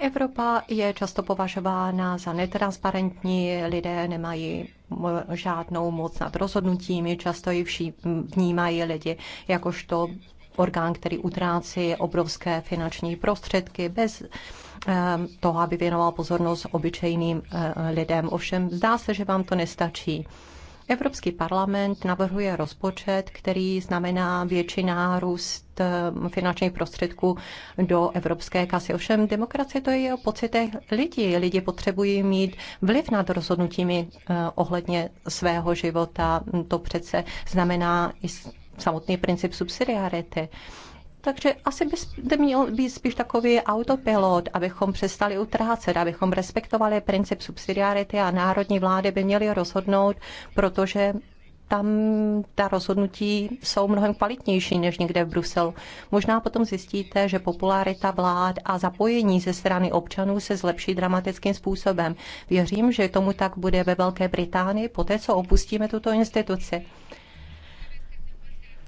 Evropa je často považována za netransparentní, lidé nemají žádnou moc nad rozhodnutími, často ji vnímají lidi jakožto orgán, který utrácí obrovské finanční prostředky bez ehm, toho, aby věnoval pozornost obyčejným eh, lidem. Ovšem zdá se, že vám to nestačí. Evropský parlament navrhuje rozpočet, který znamená většina růst eh, finančních prostředků do evropské kasy. Ovšem demokracie to je o pocitech lidí. Lidi potřebují mít vliv nad rozhodnutími eh, ohledně svého života. To přece znamená i samotný princip subsidiarity. Takže asi by měl být spíš takový autopilot, abychom přestali utrácet, abychom respektovali princip subsidiarity a národní vlády by měly rozhodnout, protože tam ta rozhodnutí jsou mnohem kvalitnější než někde v Bruselu. Možná potom zjistíte, že popularita vlád a zapojení ze strany občanů se zlepší dramatickým způsobem. Věřím, že tomu tak bude ve Velké Británii, poté co opustíme tuto instituci.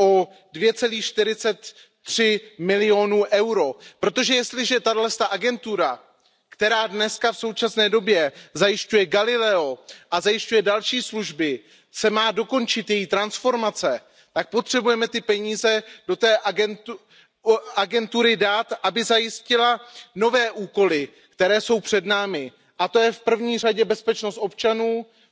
o two forty three milionu eur protože jestliže tato agentura která dnes v současné době zajišťuje galileo a zajišťuje další služby se má dokončit její transformace, tak potřebujeme ty peníze do té agentury dát aby zajistila nové úkoly které jsou před námi a to je v první řadě bezpečnost občanů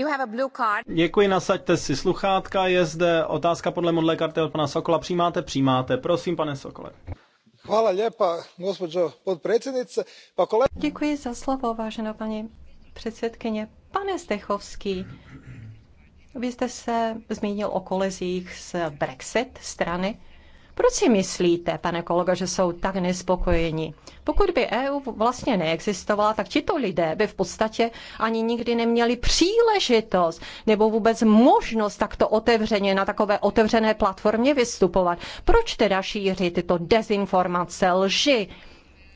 You have a blue card. Děkuji, nasaďte si sluchátka. Je zde otázka podle modlé karty od pana Sokola. Přijímáte? Přijímáte. Prosím, pane Sokole. Hvala lijepa, gospođo podpredsednice. Pa kole... Děkuji za slovo, vážená paní předsedkyně. Pane Stechovský, vy jste se zmínil o kolezích z Brexit strany. Proč si myslíte, pane kolego, že jsou tak nespokojeni? Pokud by EU vlastně neexistovala, tak tito lidé by v podstatě ani nikdy neměli příležitost nebo vůbec možnost takto otevřeně na takové otevřené platformě vystupovat. Proč teda šíří tyto dezinformace, lži?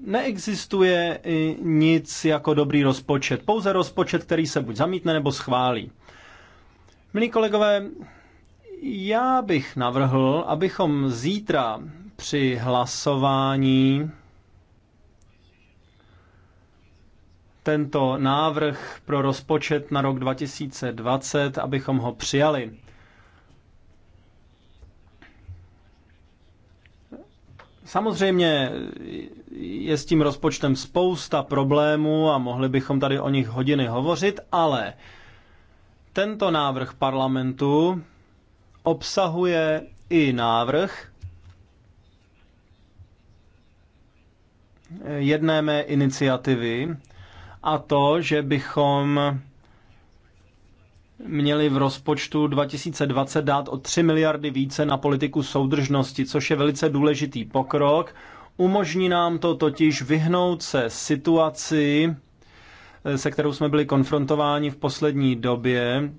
neexistuje nic jako dobrý rozpočet, pouze rozpočet, který se buď zamítne nebo schválí. Milí kolegové, já bych navrhl, abychom zítra při hlasování tento návrh pro rozpočet na rok 2020, abychom ho přijali. Samozřejmě je s tím rozpočtem spousta problémů a mohli bychom tady o nich hodiny hovořit, ale tento návrh parlamentu obsahuje i návrh jedné mé iniciativy, a to, že bychom měli v rozpočtu 2020 dát o 3 miliardy více na politiku soudržnosti, což je velice důležitý pokrok. Umožní nám to totiž vyhnout se situaci, se kterou jsme byli konfrontováni v poslední době.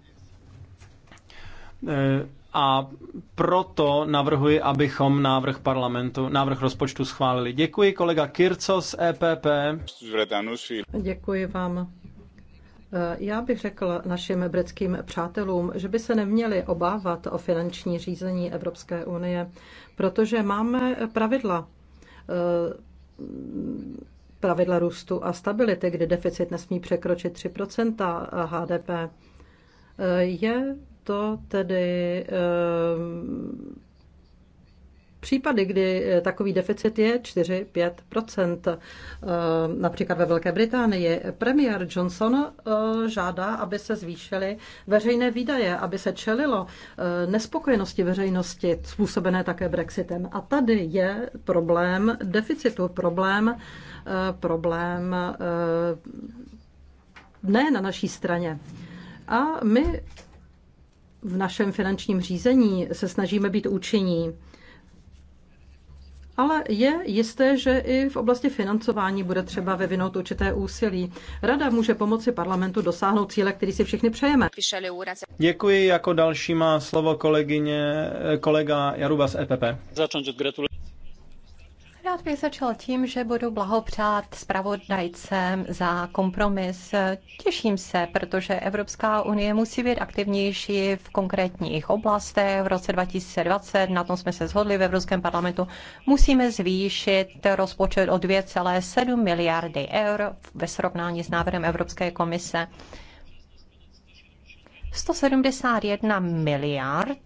A proto navrhuji, abychom návrh parlamentu, návrh rozpočtu schválili. Děkuji kolega Kirco z EPP. Děkuji vám Eh, já bych řekl našim britským přátelům, že by se neměli obávat o finanční řízení Evropské unie, protože máme pravidla eh, pravidla růstu a stability, kdy deficit nesmí překročit 3 HDP. Eh, je to tedy případy, kdy eh, takový deficit je 4-5 eh, Například ve Velké Británii premiér Johnson eh, žádá, aby se zvýšily veřejné výdaje, aby se čelilo nespokojenosti veřejnosti způsobené také Brexitem. A tady je problém deficitu, problém, problém ne na naší straně. A my v našem finančním řízení se snažíme být účinní ale je jisté, že i v oblasti financování bude třeba vyvinout určité úsilí. Rada může pomoci parlamentu dosáhnout cíle, který si všichni přejeme. Děkuji. Jako další má slovo kolegyně, eh, kolega Jaruba z EPP. Rád bych začal tím, že budu blahopřát zpravodajcem za kompromis. Těším se, protože Evropská unie musí být aktivnější v konkrétních oblastech. V roce 2020, na tom jsme se shodli v Evropském parlamentu, musíme zvýšit rozpočet o 2,7 miliardy eur ve srovnání s návrhem Evropské komise. 171 miliard,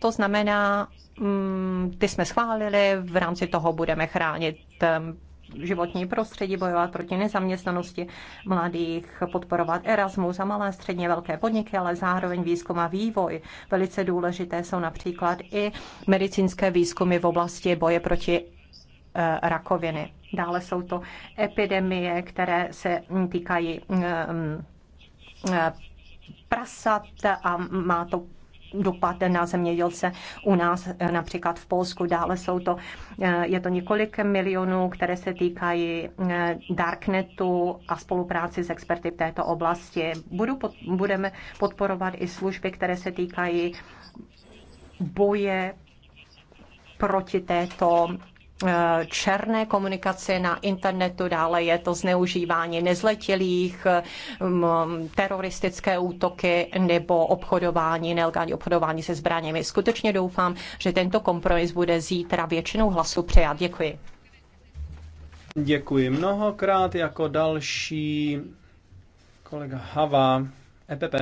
to znamená Mm, ty jsme schválili, v rámci toho budeme chránit ehm, životní prostředí, bojovat proti nezaměstnanosti mladých, podporovat Erasmus a malé středně velké podniky, ale zároveň výzkum a vývoj. Velice důležité jsou například i medicínské výzkumy v oblasti boje proti eh, rakoviny. Dále jsou to epidemie, které se týkají ehm, eh, prasat a má to dopad na zemědělce u nás, eh, například v Polsku. Dále jsou to, eh, je to několik milionů, které se týkají eh, Darknetu a spolupráci s experty v této oblasti. Budu budeme podporovat i služby, které se týkají boje proti této Eh, černé komunikace na internetu, dále je to zneužívání nezletilých, mm, teroristické útoky nebo obchodování, nelegální obchodování se zbraněmi. Skutečně doufám, že tento kompromis bude zítra většinou hlasu přijat. Děkuji. Děkuji mnohokrát. Jako další kolega Hava, EPP.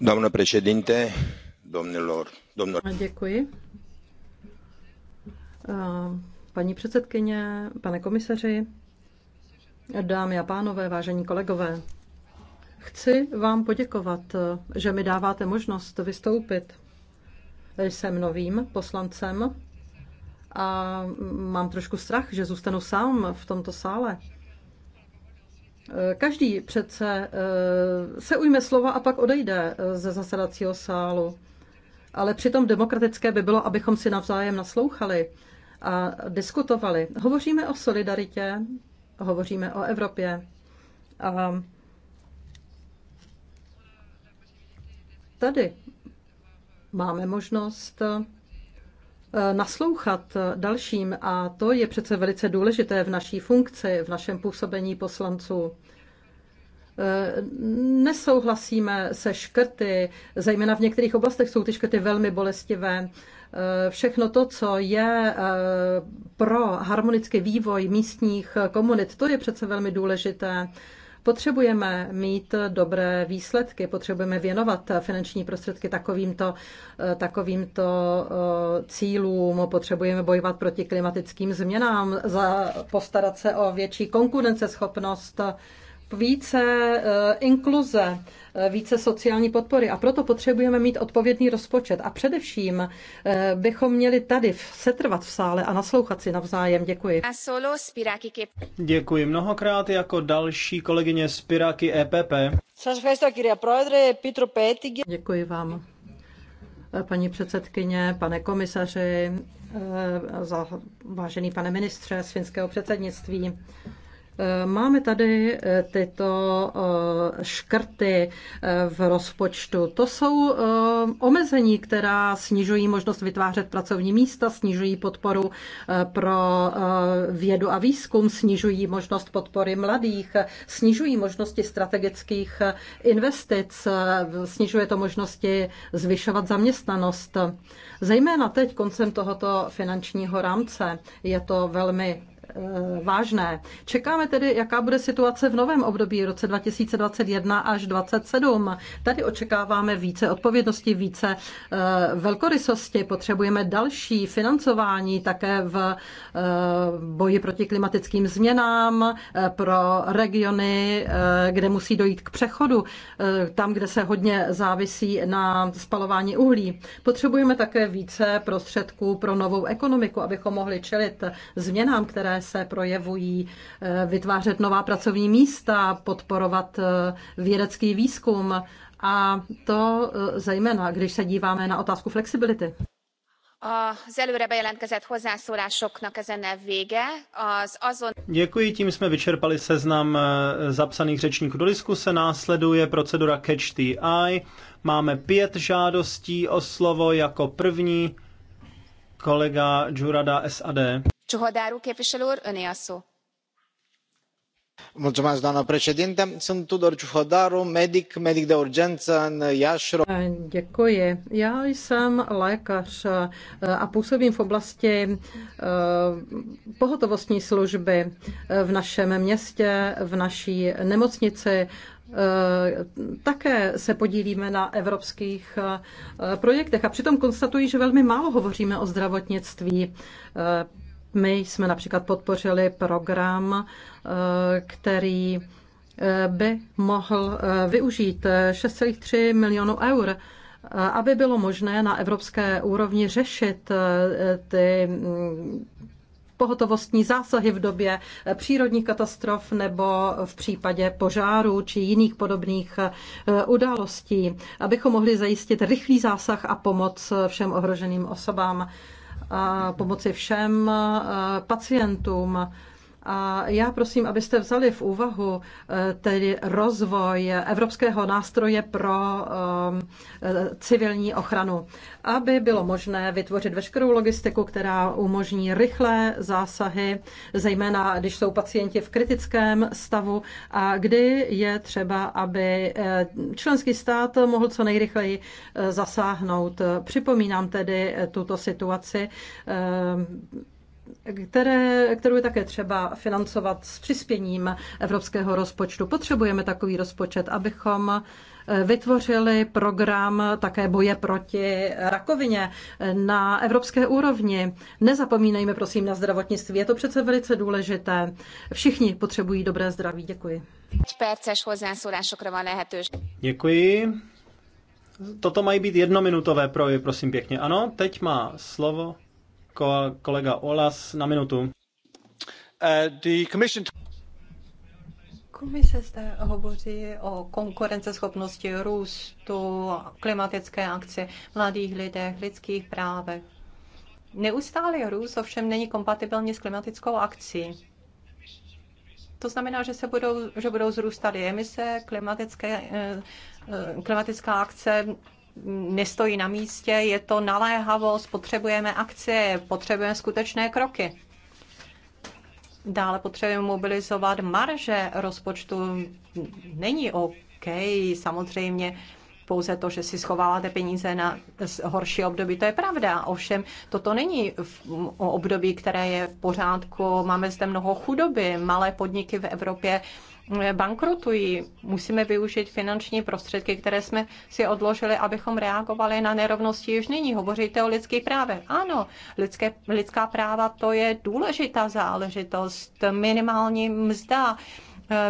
Doamnă președinte, domnilor, domnilor. Děkuji. Eh, paní předsedkyně, pane komisaři, dámy a pánové, vážení kolegové, chci vám poděkovat, eh, že mi dáváte možnost vystoupit. Jsem novým poslancem a mám trošku strach, že zůstanu sám v tomto sále. Eh, každý přece se ujme slova a pak odejde ze zasedacího sálu. Ale přitom demokratické by bylo, abychom si navzájem naslouchali a diskutovali. Hovoříme o solidaritě, hovoříme o Evropě. A tady máme možnost eh, naslouchat dalším a to je přece velice důležité v naší funkci, v našem působení poslanců. Eh, nesouhlasíme se škrty, zejména v některých oblastech jsou ty škrty velmi bolestivé Eh, všechno to, co je eh, pro harmonický vývoj místních komunit, to je přece velmi důležité. Potřebujeme mít dobré výsledky, potřebujeme věnovat finanční prostředky takovýmto, eh, takovýmto cílům, potřebujeme bojovat proti klimatickým změnám, postarat se o větší konkurenceschopnost více eh, inkluze, eh, více sociální podpory. A proto potřebujeme mít odpovědný rozpočet. A především eh, bychom měli tady setrvat v sále a naslouchat si navzájem. Děkuji. Děkuji mnohokrát jako další kolegyně Spiráky EPP. Děkuji vám. Paní předsedkyně, pane komisaři, za vážený pane ministře z finského předsednictví. Eh, máme tady eh, tyto eh, škrty v rozpočtu. To jsou omezení, která snižují možnost vytvářet pracovní místa, snižují podporu pro vědu a výzkum, snižují možnost podpory mladých, snižují možnosti strategických investic, snižuje to možnosti zvyšovat zaměstnanost. Zejména teď koncem tohoto finančního rámce je to velmi Eh, vážné. Čekáme tedy, jaká bude situace v novém období, roce 2021 až 2027. Tady očekáváme více odpovědnosti, více eh, velkorysosti, potřebujeme další financování také v eh, boji proti klimatickým změnám, pro regiony, kde musí dojít k přechodu, tam, kde se hodně závisí na spalování uhlí. Potřebujeme také více prostředků pro novou ekonomiku, abychom mohli čelit změnám, které se projevují, eh, vytvářet nová pracovní místa, podporovat eh, vědecký výzkum a to eh, zejména, když se díváme na otázku flexibility. Az előre bejelentkezett hozzászólásoknak ezennel vége. Az azon... Děkuji, tím jsme vyčerpali seznam zapsaných řečníků do diskuse. Následuje procedura Catch the Eye. Máme pět žádostí o slovo jako první kolega Jurada SAD doamnă președintă sunt tudor ciuhodaru medic medic de urgență în iași. Eh, děkuji. Já jsem lékař eh, a působím v oblasti eh, pohotovostní služby v našem městě, v naší nemocnici, také se podílíme na evropských projektech a přitom konstatuji, že velmi málo hovoříme o zdravotnictví. My jsme například podpořili program, eh, který eh, by mohl eh, využít 6,3 milionů eur, aby bylo možné na evropské úrovni řešit ty mm, pohotovostní zásahy v době přírodních katastrof nebo v případě požáru či jiných podobných událostí, abychom mohli zajistit rychlý zásah a pomoc všem ohroženým osobám a pomoci všem eh, pacientům a já prosím, abyste vzali v úvahu eh, tedy rozvoj Evropského nástroje pro eh, civilní ochranu, aby bylo možné vytvořit veškerou logistiku, která umožní rychlé zásahy, zejména když jsou pacienti v kritickém stavu a kdy je třeba, aby eh, členský stát mohl co nejrychleji zasáhnout. Připomínám tedy tuto situaci které, kterou je také třeba financovat s přispěním evropského rozpočtu. Potřebujeme takový rozpočet, abychom eh, vytvořili program také boje proti rakovině eh, na evropské úrovni. Nezapomínejme prosím na zdravotnictví, je to přece velice důležité. Všichni potřebují dobré zdraví. Děkuji. Děkuji. Toto mají být jednominutové projevy, prosím pěkně. Ano, teď má slovo kolega Olas na minutu. Eh, Komise zde hovoří o konkurenceschopnosti, růstu, klimatické akci, mladých lidech, lidských právech. Neustálý růst ovšem není kompatibilní s klimatickou akcí. To znamená, že, se budou, že budou zrůstat emise, klimatické, eh, eh, klimatická akce nestojí na místě, je to naléhavost, potřebujeme akcie, potřebujeme skutečné kroky. Dále potřebujeme mobilizovat marže rozpočtu. Není OK, samozřejmě pouze to, že si schováváte peníze na horší období. To je pravda, ovšem toto není období, které je v pořádku. Máme zde mnoho chudoby, malé podniky v Evropě eh, bankrotují. Musíme využít finanční prostředky, které jsme si odložili, abychom reagovali na nerovnosti již nyní. Hovoříte o lidských právech. Ano, lidské, lidská práva to je důležitá záležitost. Minimální mzda,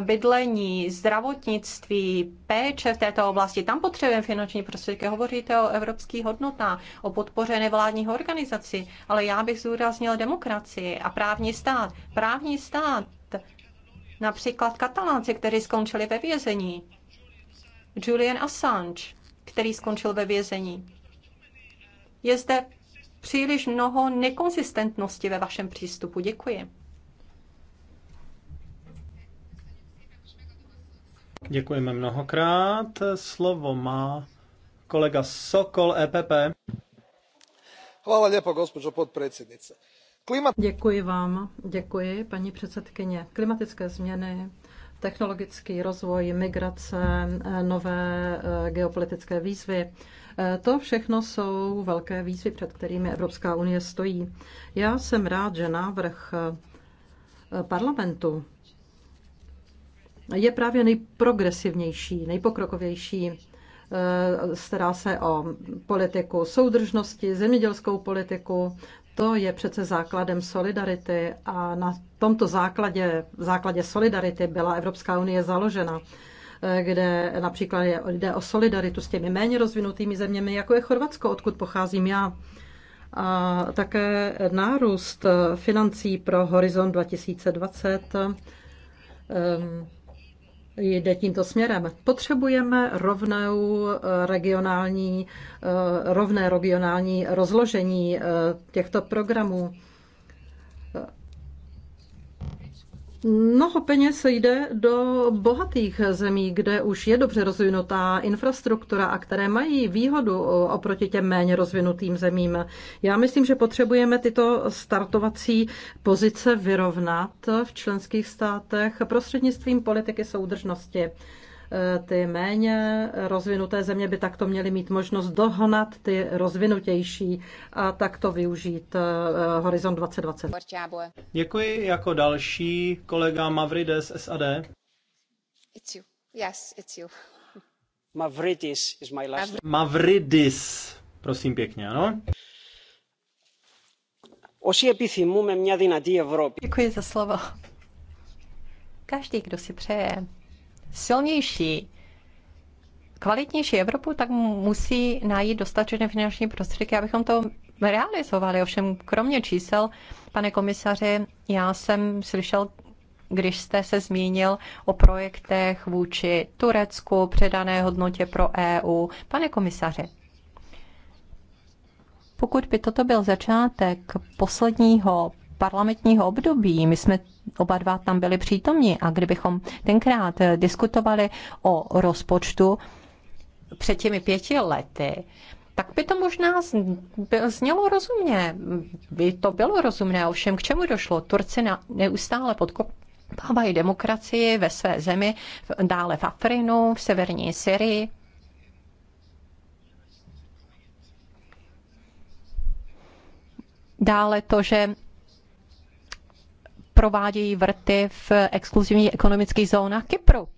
bydlení, zdravotnictví, péče v této oblasti. Tam potřebujeme finanční prostředky. Hovoříte o evropských hodnotách, o podpoře nevládních organizací, ale já bych zúraznil demokracii a právní stát. Právní stát, například katalánci, kteří skončili ve vězení. Julian Assange, který skončil ve vězení. Je zde příliš mnoho nekonzistentnosti ve vašem přístupu. Děkuji. Děkujeme mnohokrát. Slovo má kolega Sokol EPP. Hvala lijepo, gospođo podpredsednice. Klimat... Děkuji vám, děkuji, paní předsedkyně. Klimatické změny, technologický rozvoj, migrace, nové eh, geopolitické výzvy. Eh, to všechno jsou velké výzvy, před kterými Evropská unie stojí. Já jsem rád, že návrh eh, parlamentu je právě nejprogresivnější, nejpokrokovější. Eh, stará se o politiku soudržnosti, zemědělskou politiku. To je přece základem solidarity a na tomto základě, základě solidarity byla Evropská unie založena eh, kde například jde o solidaritu s těmi méně rozvinutými zeměmi, jako je Chorvatsko, odkud pocházím já. A také nárůst eh, financí pro Horizon 2020 jde tímto směrem. Potřebujeme rovnou eh, regionální, eh, rovné regionální rozložení eh, těchto programů. Mnoho peněz jde do bohatých zemí, kde už je dobře rozvinutá infrastruktura a které mají výhodu oproti těm méně rozvinutým zemím. Já myslím, že potřebujeme tyto startovací pozice vyrovnat v členských státech prostřednictvím politiky soudržnosti. Eh, ty méně rozvinuté země by takto měly mít možnost dohnat ty rozvinutější a takto využít eh, Horizon 2020. Děkuji. Jako další kolega Mavrides SAD. It's you. Yes, it's you. Mavridis is my last name. Mavridis. Prosím pěkně, ano. Όσοι επιθυμούμε μια δυνατή Ευρώπη. Děkuji za slovo. Každý, kdo si přeje silnější, kvalitnější Evropu, tak musí najít dostatečné finanční prostředky, abychom to realizovali. Ovšem, kromě čísel, pane komisaři, já jsem slyšel když jste se zmínil o projektech vůči Turecku, předané hodnotě pro EU. Pane komisaři, pokud by toto byl začátek posledního parlamentního období, my jsme oba dva tam byli přítomni a kdybychom tenkrát eh, diskutovali o rozpočtu před těmi pěti lety, tak by to možná znělo rozumně. By to bylo rozumné, ovšem k čemu došlo? Turci na, neustále podkopávají demokracii ve své zemi, dále v Afrinu, v severní Syrii. Dále to, že provádějí vrty v exkluzivních ekonomických zónách Kypru.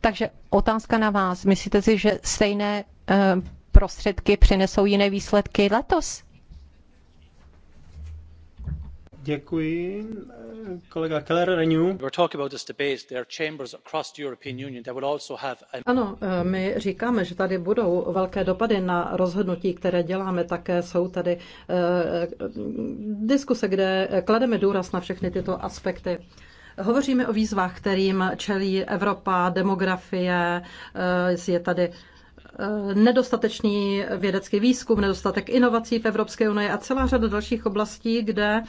Takže otázka na vás. Myslíte si, že stejné eh, prostředky přinesou jiné výsledky letos? Děkuji. Kolega Keller Renew. Ano, eh, my říkáme, že tady budou velké dopady na rozhodnutí, které děláme. Také jsou tady eh, diskuse, kde klademe důraz na všechny tyto aspekty. Hovoříme o výzvách, kterým čelí Evropa, demografie, eh, je tady nedostatečný vědecký výzkum, nedostatek inovací v Evropské unii a celá řada dalších oblastí, kde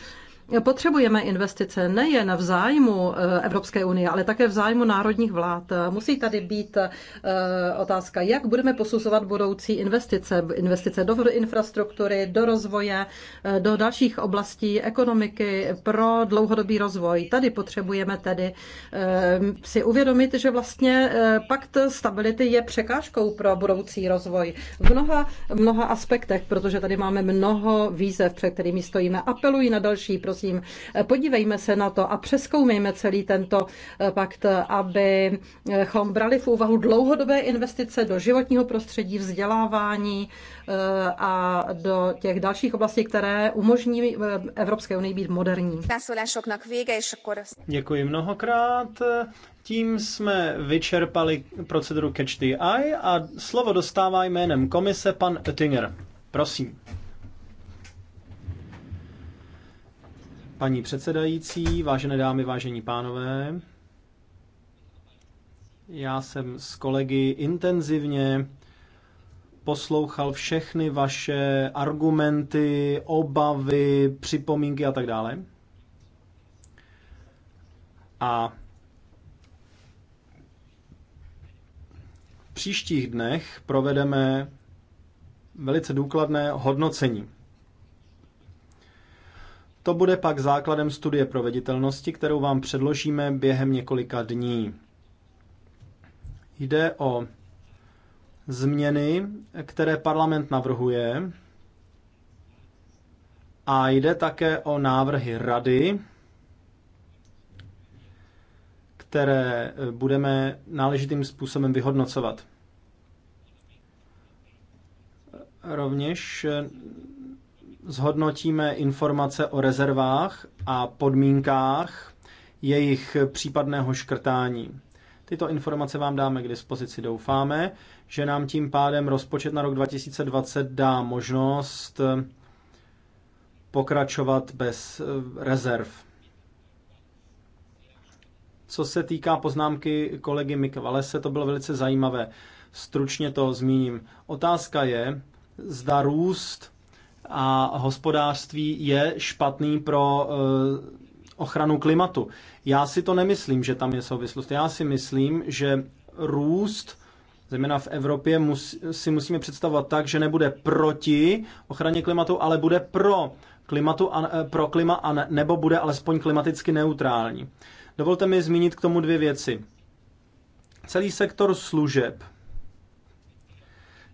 Potřebujeme investice nejen v zájmu eh, Evropské unie, ale také v zájmu národních vlád. Musí tady být eh, otázka, jak budeme posuzovat budoucí investice, investice do infrastruktury, do rozvoje, eh, do dalších oblastí ekonomiky pro dlouhodobý rozvoj. Tady potřebujeme tedy si uvědomit, že vlastně pakt stability je překážkou pro budoucí rozvoj v mnoha, mnoha aspektech, protože tady máme mnoho výzev, před kterými stojíme. Apeluji na další prostředí prosím, podívejme se na to a přeskoumejme celý tento eh, pakt, abychom brali v úvahu dlouhodobé investice do životního prostředí, vzdělávání eh, a do těch dalších oblastí, které umožní eh, Evropské unii být moderní. Děkuji mnohokrát. Tím jsme vyčerpali proceduru Catch the Eye a slovo dostává jménem komise pan Oettinger. Prosím. Paní předsedající, vážené dámy, vážení pánové, já jsem s kolegy intenzivně poslouchal všechny vaše argumenty, obavy, připomínky a tak dále. A v příštích dnech provedeme velice důkladné hodnocení. To bude pak základem studie proveditelnosti, kterou vám předložíme během několika dní. Jde o změny, které parlament navrhuje, a jde také o návrhy rady, které budeme náležitým způsobem vyhodnocovat. Rovněž zhodnotíme informace o rezervách a podmínkách jejich případného škrtání. Tyto informace vám dáme k dispozici. Doufáme, že nám tím pádem rozpočet na rok 2020 dá možnost eh, pokračovat bez eh, rezerv. Co se týká poznámky kolegy Mika Valese, to bylo velice zajímavé. Stručně to zmíním. Otázka je, zda růst a hospodářství je špatný pro eh, ochranu klimatu. Já si to nemyslím, že tam je souvislost. Já si myslím, že růst zejména v Evropě, si musíme představovat tak, že nebude proti ochraně klimatu, ale bude pro, klimatu a, eh, pro klima a ne, nebo bude alespoň klimaticky neutrální. Dovolte mi zmínit k tomu dvě věci. Celý sektor služeb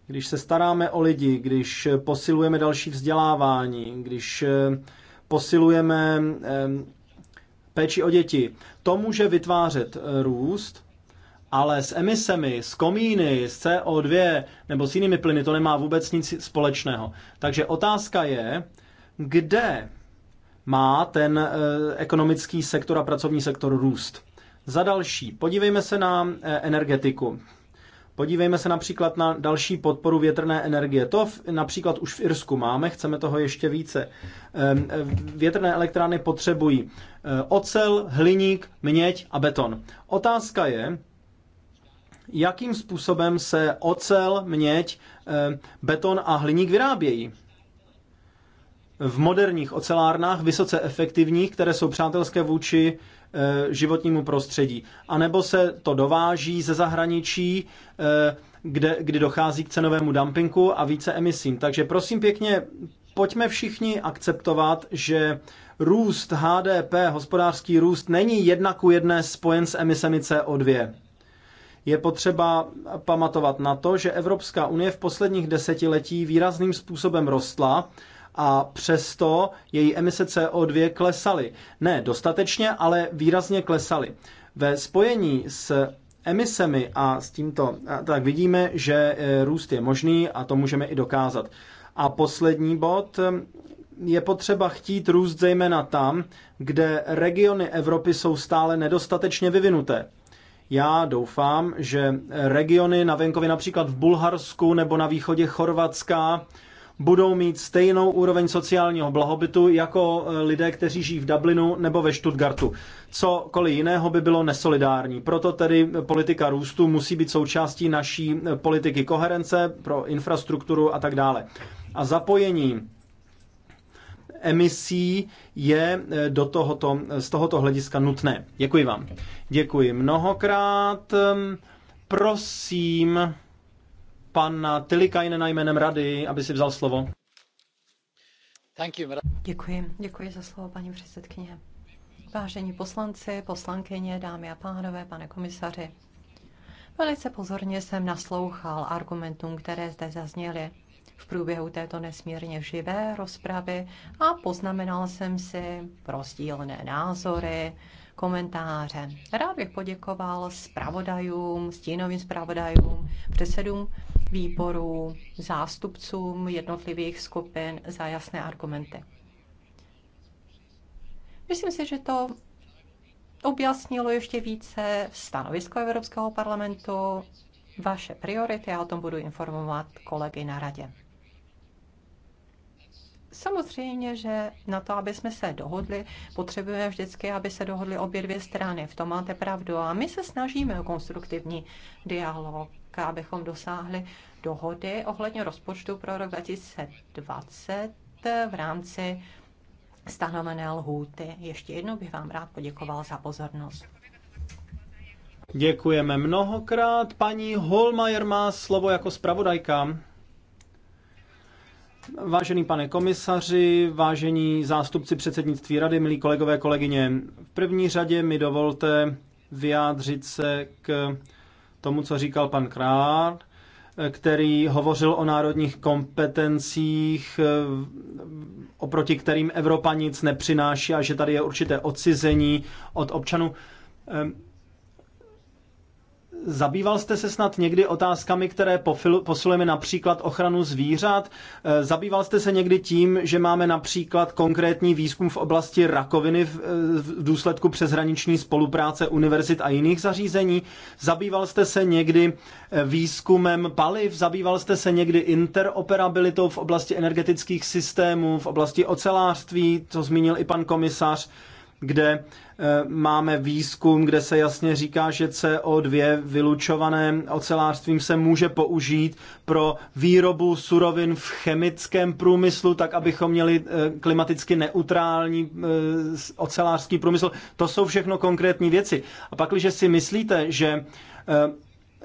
když se staráme o lidi, když posilujeme další vzdělávání, když eh, posilujeme eh, péči o děti, to může vytvářet eh, růst, ale s emisemi, s komíny, s CO2 nebo s jinými plyny to nemá vůbec nic společného. Takže otázka je, kde má ten ekonomický sektor a pracovní sektor růst. Za další, podívejme se na energetiku. Podívejme se například na další podporu větrné energie. To v, například už v Irsku máme, chceme toho ještě více. Ehm, ehm, větrné elektrárny potřebují eh, ocel, hliník, měď a beton. Otázka je, jakým způsobem se ocel, měď, ehm, beton a hliník vyrábějí. V moderních ocelárnách, vysoce efektivních, které jsou přátelské vůči Eh, životnímu prostředí. A nebo se to dováží ze zahraničí, eh, kde, kdy dochází k cenovému dumpingu a více emisím. Takže prosím pěkně, pojďme všichni akceptovat, že růst HDP, hospodářský růst, není jedna ku jedné spojen s emisemi CO2. Je potřeba pamatovat na to, že Evropská unie v posledních desetiletí výrazným způsobem rostla a přesto její emise CO2 klesaly. Ne dostatečně, ale výrazně klesaly. Ve spojení s emisemi a s tímto, tak vidíme, že e, růst je možný a to můžeme i dokázat. A poslední bod, e, je potřeba chtít růst zejména tam, kde regiony Evropy jsou stále nedostatečně vyvinuté. Já doufám, že regiony na venkově například v Bulharsku nebo na východě Chorvatska budou mít stejnou úroveň sociálního blahobytu jako e, lidé, kteří žijí v Dublinu nebo ve Stuttgartu. Cokoliv jiného by bylo nesolidární. Proto tedy politika růstu musí být součástí naší e, politiky koherence pro infrastrukturu a tak dále. A zapojení emisí je e, do tohoto, z tohoto hlediska nutné. Děkuji vám. Děkuji mnohokrát. Prosím, pana Tilikainena jménem rady, aby si vzal slovo. Děkuji, děkuji za slovo, paní předsedkyně. Vážení poslanci, poslankyně, dámy a pánové, pane komisaři, velice pozorně jsem naslouchal argumentům, které zde zazněly v průběhu této nesmírně živé rozpravy a poznamenal jsem si rozdílné názory, komentáře. Rád bych poděkoval zpravodajům, stínovým zpravodajům, předsedům výborů, zástupcům jednotlivých skupin za jasné argumenty. Myslím si, že to objasnilo ještě více stanovisko Evropského parlamentu, vaše priority, já o tom budu informovat kolegy na radě. Samozřejmě, že na to, aby jsme se dohodli, potřebujeme vždycky, aby se dohodly obě dvě strany. V tom máte pravdu. A my se snažíme o konstruktivní dialog abychom dosáhli dohody ohledně rozpočtu pro rok 2020 v rámci stanovené lhůty. Ještě jednou bych vám rád poděkoval za pozornost. Děkujeme mnohokrát. Paní Holmajer má slovo jako zpravodajka. Vážený pane komisaři, vážení zástupci předsednictví rady, milí kolegové, kolegyně, v první řadě mi dovolte vyjádřit se k tomu, co říkal pan Krár, který hovořil o národních kompetencích, eh, oproti kterým Evropa nic nepřináší a že tady je určité odcizení od občanů. Ehm, Zabýval jste se snad někdy otázkami, které posilujeme například ochranu zvířat? Eh, zabýval jste se někdy tím, že máme například konkrétní výzkum v oblasti rakoviny v eh, důsledku přeshraniční spolupráce univerzit a jiných zařízení? Zabýval jste se někdy eh, výzkumem paliv? Zabýval jste se někdy interoperabilitou v oblasti energetických systémů, v oblasti ocelářství, co zmínil i pan komisař? kde eh, máme výzkum, kde se jasně říká, že CO2 vylučované ocelářstvím se může použít pro výrobu surovin v chemickém průmyslu, tak abychom měli eh, klimaticky neutrální eh, ocelářský průmysl. To jsou všechno konkrétní věci. A pak, když si myslíte, že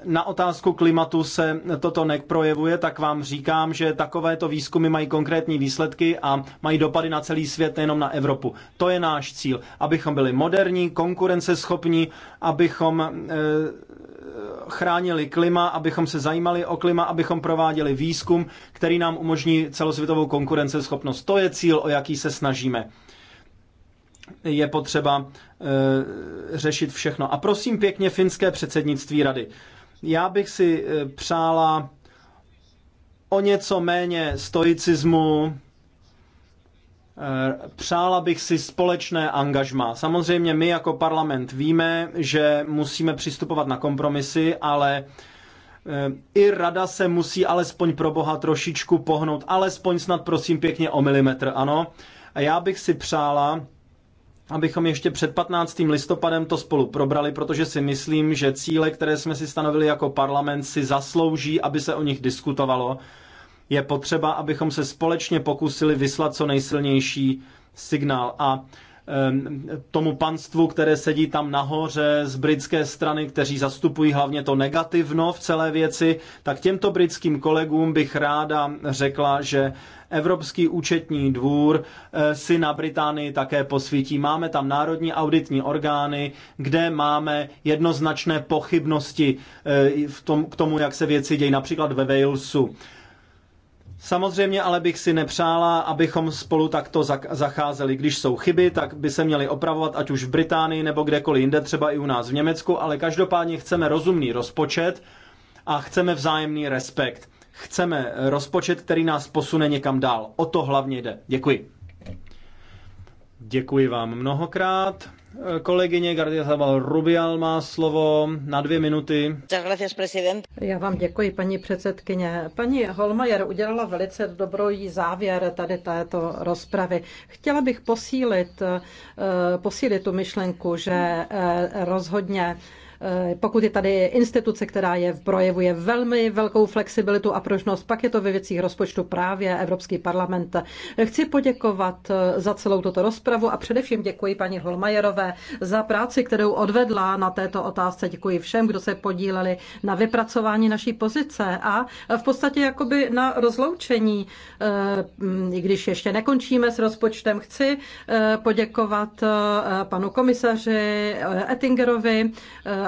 na otázku klimatu se toto neprojevuje, tak vám říkám, že takovéto výzkumy mají konkrétní výsledky a mají dopady na celý svět, nejenom na Evropu. To je náš cíl, abychom byli moderní, konkurenceschopní, abychom e, chránili klima, abychom se zajímali o klima, abychom prováděli výzkum, který nám umožní celosvětovou konkurenceschopnost. To je cíl, o jaký se snažíme je potřeba e, řešit všechno. A prosím pěkně finské předsednictví rady. Já bych si eh, přála o něco méně stoicismu, eh, Přála bych si společné angažma. Samozřejmě my jako parlament víme, že musíme přistupovat na kompromisy, ale eh, i rada se musí alespoň pro boha trošičku pohnout, alespoň snad prosím pěkně o milimetr, ano. A já bych si přála, abychom ještě před 15. listopadem to spolu probrali, protože si myslím, že cíle, které jsme si stanovili jako parlament, si zaslouží, aby se o nich diskutovalo. Je potřeba, abychom se společně pokusili vyslat co nejsilnější signál. A Ehm, tomu panstvu, které sedí tam nahoře z britské strany, kteří zastupují hlavně to negativno v celé věci, tak těmto britským kolegům bych ráda řekla, že Evropský účetní dvůr eh, si na Británii také posvítí. Máme tam národní auditní orgány, kde máme jednoznačné pochybnosti eh, v tom, k tomu, jak se věci dějí, například ve Walesu. Samozřejmě ale bych si nepřála, abychom spolu takto zacházeli. Když jsou chyby, tak by se měly opravovat, ať už v Británii nebo kdekoliv jinde, třeba i u nás v Německu, ale každopádně chceme rozumný rozpočet a chceme vzájemný respekt. Chceme rozpočet, který nás posune někam dál. O to hlavně jde. Děkuji. Děkuji vám mnohokrát. Kolegyně Gardia Zabal Rubial má slovo na dvě minuty. Já vám děkuji, paní předsedkyně. Paní Holmajer udělala velice dobrý závěr tady této rozpravy. Chtěla bych posílit, eh, posílit tu myšlenku, že eh, rozhodně Eh, pokud je tady instituce, která je projevuje velmi velkou flexibilitu a pružnost, pak je to ve věcích rozpočtu právě Evropský parlament. Eh, chci poděkovat eh, za celou tuto rozpravu a především děkuji paní Holmajerové za práci, kterou odvedla na této otázce. Děkuji všem, kdo se podíleli na vypracování naší pozice a v podstatě jakoby na rozloučení, mm, i když ještě nekončíme s rozpočtem, chci poděkovat panu komisaři Ettingerovi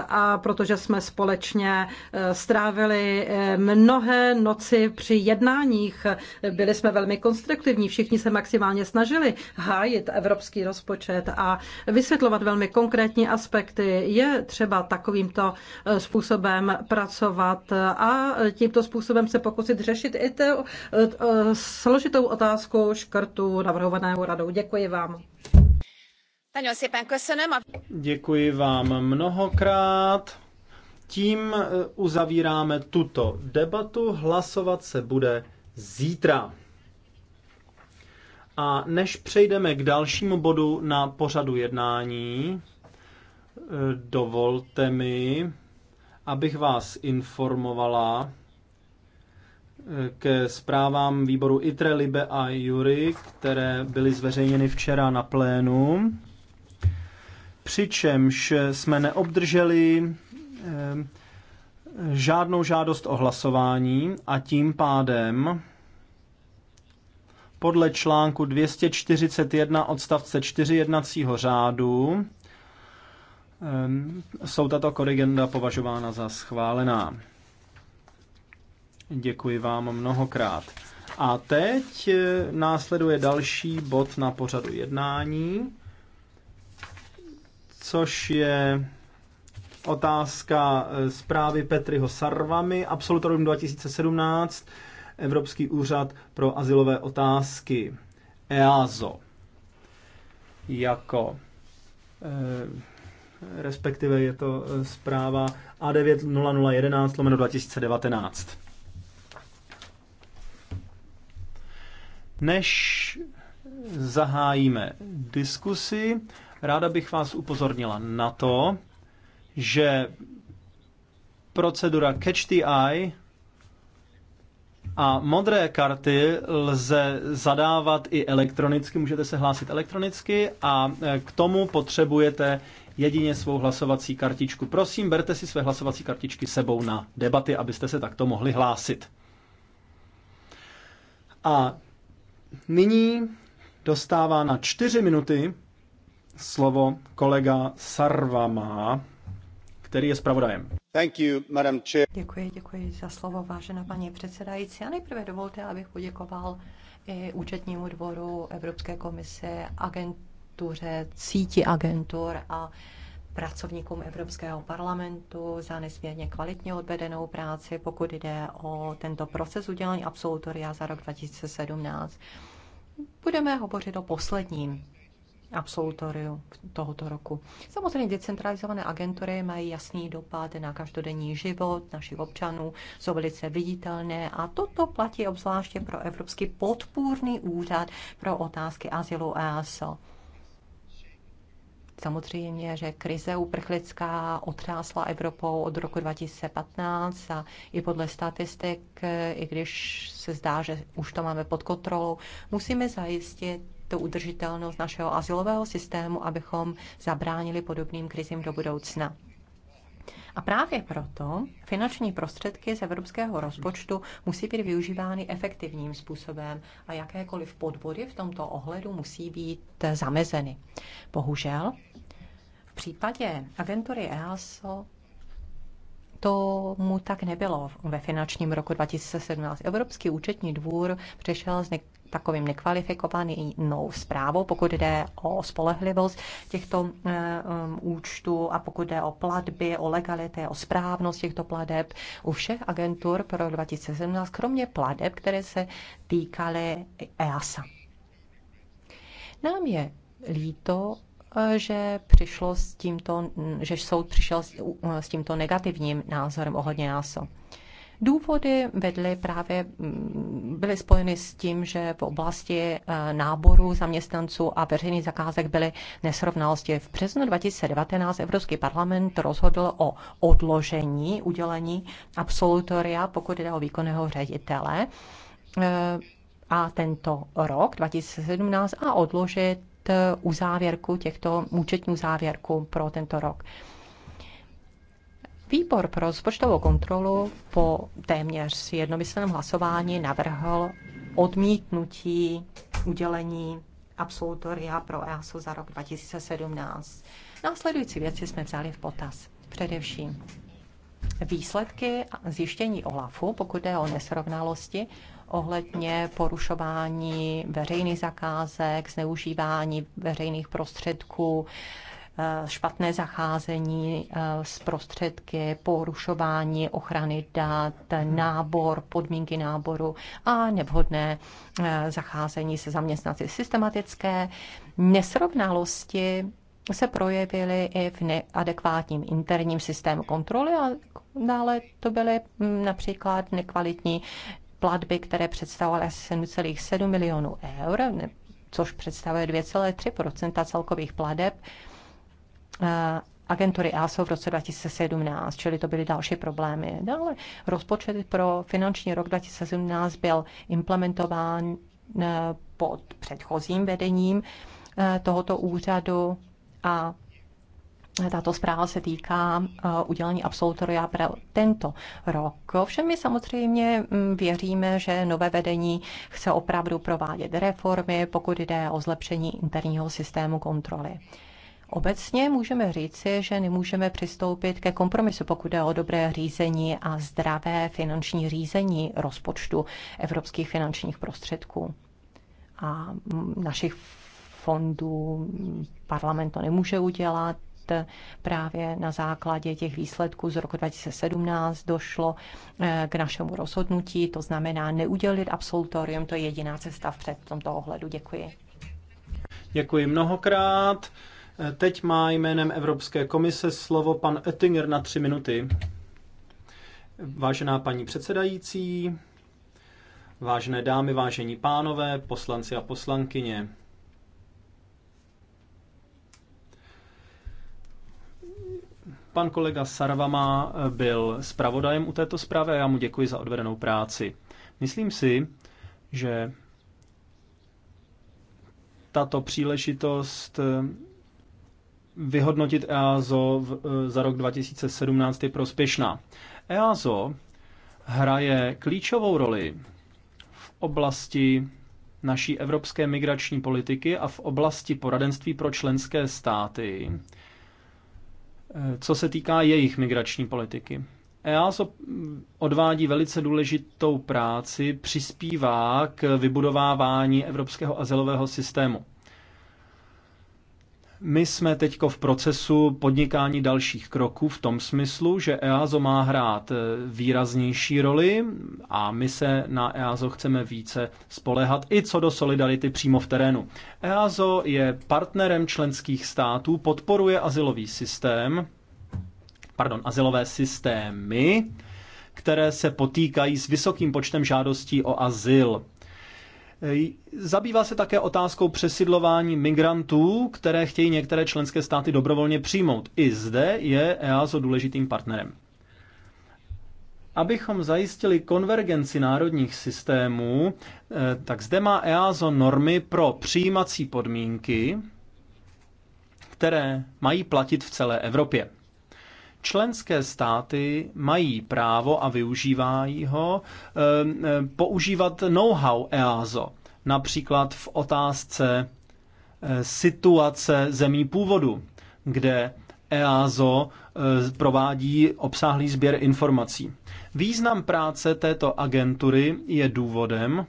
a protože jsme společně eh, strávili eh, mnohé noci při jednáních, eh, byli jsme velmi konstruktivní, všichni se maximálně snažili hájit evropský rozpočet a vysvětlovat velmi konkrétní aspekty. Je třeba takovýmto způsobem pracovat a tímto způsobem se pokusit řešit i tu složitou otázku škrtu navrhovaného radou. Děkuji vám. Děkuji vám mnohokrát. Tím eh, uzavíráme tuto debatu. Hlasovat se bude zítra. A než přejdeme k dalšímu bodu na pořadu jednání, eh, dovolte mi, abych vás informovala eh, ke zprávám výboru ITRE, LIBE a JURY, které byly zveřejněny včera na plénu přičemž jsme neobdrželi eh, žádnou žádost o hlasování a tím pádem podle článku 241 odstavce 4 jednacího řádu eh, jsou tato korigenda považována za schválená. Děkuji vám mnohokrát. A teď eh, následuje další bod na pořadu jednání což je otázka eh, zprávy Petriho Sarvamy, absolutorium 2017, Evropský úřad pro asilové otázky, EASO. Jako e, respektive je to eh, zpráva A90011 lomeno 2019. Než zahájíme diskusi, Ráda bych vás upozornila na to, že procedura Catch the Eye a modré karty lze zadávat i elektronicky, můžete se hlásit elektronicky a eh, k tomu potřebujete jedině svou hlasovací kartičku. Prosím, berte si své hlasovací kartičky sebou na debaty, abyste se takto mohli hlásit. A nyní dostává na čtyři minuty slovo kolega Sarvama, který je zpravodajem. děkuji, děkuji za slovo, vážená paní předsedající. A nejprve dovolte, abych poděkoval i účetnímu dvoru Evropské komise, agentuře, síti agentur a pracovníkům Evropského parlamentu za nesmírně kvalitně odvedenou práci, pokud jde o tento proces udělení absolutoria za rok 2017. Budeme hovořit o posledním absolutoriu tohoto roku. Samozřejmě decentralizované agentury mají jasný dopad na každodenní život našich občanů, jsou velice viditelné a toto platí obzvláště pro Evropský podpůrný úřad pro otázky azylu EASO. Samozřejmě, že krize uprchlická otřásla Evropou od roku 2015 a i podle statistik, i když se zdá, že už to máme pod kontrolou, musíme zajistit tu udržitelnost našeho asilového systému, abychom zabránili podobným krizím do budoucna. A právě proto finanční prostředky z evropského rozpočtu musí být využívány efektivním způsobem a jakékoliv podvody v tomto ohledu musí být zamezeny. Bohužel, v případě agentury EASO tomu tak nebylo ve finančním roku 2017. Evropský účetní dvůr přišel s takovým nekvalifikovanou zprávou, pokud jde o spolehlivost těchto eh, účtů a pokud jde o platby, o legality, o správnost těchto plateb u všech agentur pro 2017, kromě plateb, které se týkaly EASA. Nám je líto, eh, že přišlo s tímto, že soud přišel s, s tímto negativním názorem ohledně EASA. Důvody vedly právě, mm, byly spojeny s tím, že v oblasti eh, náboru zaměstnanců a veřejných zakázek byly nesrovnalosti. V březnu 2019 Evropský parlament rozhodl o odložení udělení absolutoria, pokud jde o výkonného ředitele eh, a tento rok 2017 a odložit eh, uzávěrku těchto účetní závěrku pro tento rok. Výbor pro rozpočtovou kontrolu po téměř jednomyslném hlasování navrhl odmítnutí udělení absolutoria pro EASO za rok 2017. Následující věci jsme vzali v potaz. Především výsledky zjištění OLAFu, pokud je o nesrovnalosti, ohledně porušování veřejných zakázek, zneužívání veřejných prostředků, Eh, špatné zacházení eh, s prostředky, porušování ochrany dat, nábor, podmínky náboru a nevhodné eh, zacházení se zaměstnanci. Systematické nesrovnalosti se projevily i v neadekvátním interním systému kontroly a dále to byly hm, například nekvalitní platby, které představovaly asi 7,7 milionů eur, což představuje 2,3 celkových pladeb Eh, agentury ASO v roce 2017, čili to byly další problémy. Dále rozpočet pro finanční rok 2017 byl implementován eh, pod předchozím vedením eh, tohoto úřadu a tato zpráva se týká udělení absolutoria pro tento rok. Ovšem my samozřejmě mm, věříme, že nové vedení chce opravdu provádět reformy, pokud jde o zlepšení interního systému kontroly. Obecně můžeme říci, že nemůžeme přistoupit ke kompromisu, pokud je o dobré řízení a zdravé finanční řízení rozpočtu evropských finančních prostředků a našich fondů. Parlament to nemůže udělat. Právě na základě těch výsledků z roku 2017 došlo eh, k našemu rozhodnutí, to znamená neudělit absolutorium, to je jediná cesta v tomto ohledu. Děkuji. Děkuji mnohokrát. Teď má jménem Evropské komise slovo pan Oettinger na tři minuty. Vážená paní předsedající, vážené dámy, vážení pánové, poslanci a poslankyně. Pan kolega Sarvama byl zpravodajem u této zprávy a já mu děkuji za odvedenou práci. Myslím si, že tato příležitost vyhodnotit EASO e, za rok 2017 je prospěšná. EASO hraje klíčovou roli v oblasti naší evropské migrační politiky a v oblasti poradenství pro členské státy, e, co se týká jejich migrační politiky. EASO odvádí velice důležitou práci, přispívá k vybudovávání evropského azylového systému. My jsme teď v procesu podnikání dalších kroků v tom smyslu, že EASO má hrát e, výraznější roli a my se na EASO chceme více spolehat i co do solidarity přímo v terénu. EASO je partnerem členských států, podporuje asilový systém, pardon, asilové systémy, které se potýkají s vysokým počtem žádostí o azyl. Zabývá se také otázkou přesidlování migrantů, které chtějí některé členské státy dobrovolně přijmout. I zde je EASO důležitým partnerem. Abychom zajistili konvergenci národních systémů, eh, tak zde má EASO normy pro přijímací podmínky, které mají platit v celé Evropě. Členské státy mají právo a využívají ho eh, eh, používat know-how EASO, například v otázce eh, situace zemí původu, kde EASO provádí obsáhlý sběr informací. Význam práce této agentury je důvodem,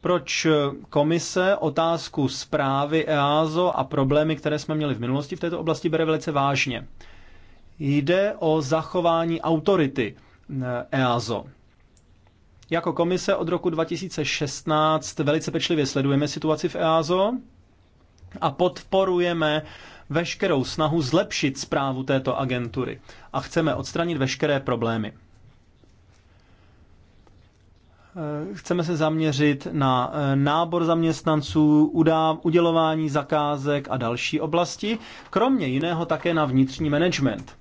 proč komise otázku zprávy EASO a problémy, které jsme měli v minulosti v této oblasti, bere velice vážně. Jde o zachování autority eh, EASO. Jako komise od roku 2016 velice pečlivě sledujeme situaci v EASO a podporujeme veškerou snahu zlepšit zprávu této agentury a chceme odstranit veškeré problémy. Eh, chceme se zaměřit na eh, nábor zaměstnanců, udělování zakázek a další oblasti, kromě jiného také na vnitřní management.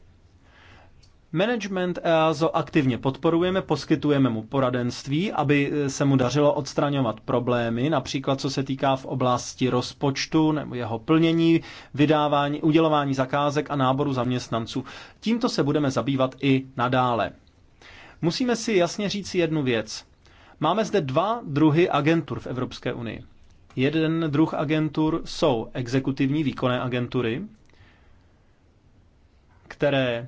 Management EASO aktivně podporujeme, poskytujeme mu poradenství, aby eh, se mu dařilo odstraňovat problémy, například co se týká v oblasti rozpočtu nebo jeho plnění, vydávání, udělování zakázek a náboru zaměstnanců. Tímto se budeme zabývat i nadále. Musíme si jasně říct jednu věc. Máme zde dva druhy agentur v Evropské unii. Jeden druh agentur jsou exekutivní výkonné agentury, které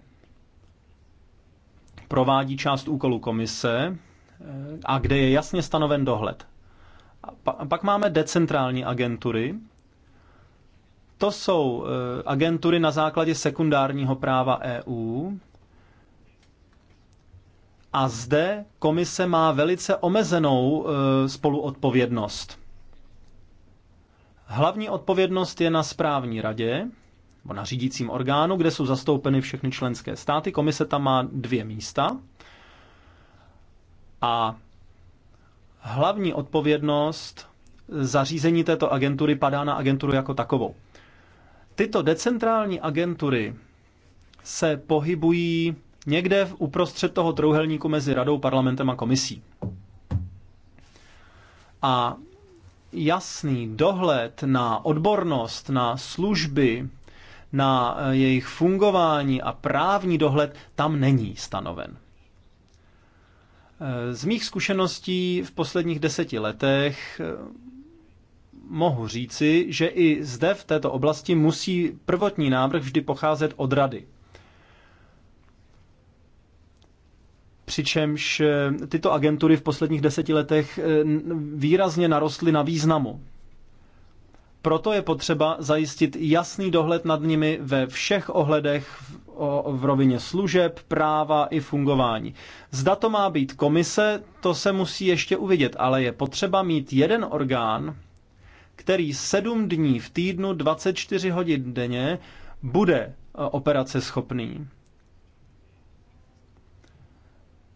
provádí část úkolu komise eh, a kde je jasně stanoven dohled. A pak máme decentrální agentury. To jsou eh, agentury na základě sekundárního práva EU. A zde komise má velice omezenou eh, spoluodpovědnost. Hlavní odpovědnost je na správní radě, nebo na řídícím orgánu, kde jsou zastoupeny všechny členské státy. Komise tam má dvě místa. A hlavní odpovědnost zařízení této agentury padá na agenturu jako takovou. Tyto decentrální agentury se pohybují někde v uprostřed toho trouhelníku mezi radou, parlamentem a komisí. A jasný dohled na odbornost, na služby, na eh, jejich fungování a právní dohled tam není stanoven. Eh, z mých zkušeností v posledních deseti letech eh, mohu říci, že i zde v této oblasti musí prvotní návrh vždy pocházet od rady. Přičemž tyto agentury v posledních deseti letech výrazně narostly na významu. Proto je potřeba zajistit jasný dohled nad nimi ve všech ohledech v rovině služeb, práva i fungování. Zda to má být komise, to se musí ještě uvidět, ale je potřeba mít jeden orgán, který sedm dní v týdnu 24 hodin denně bude e, operace schopný.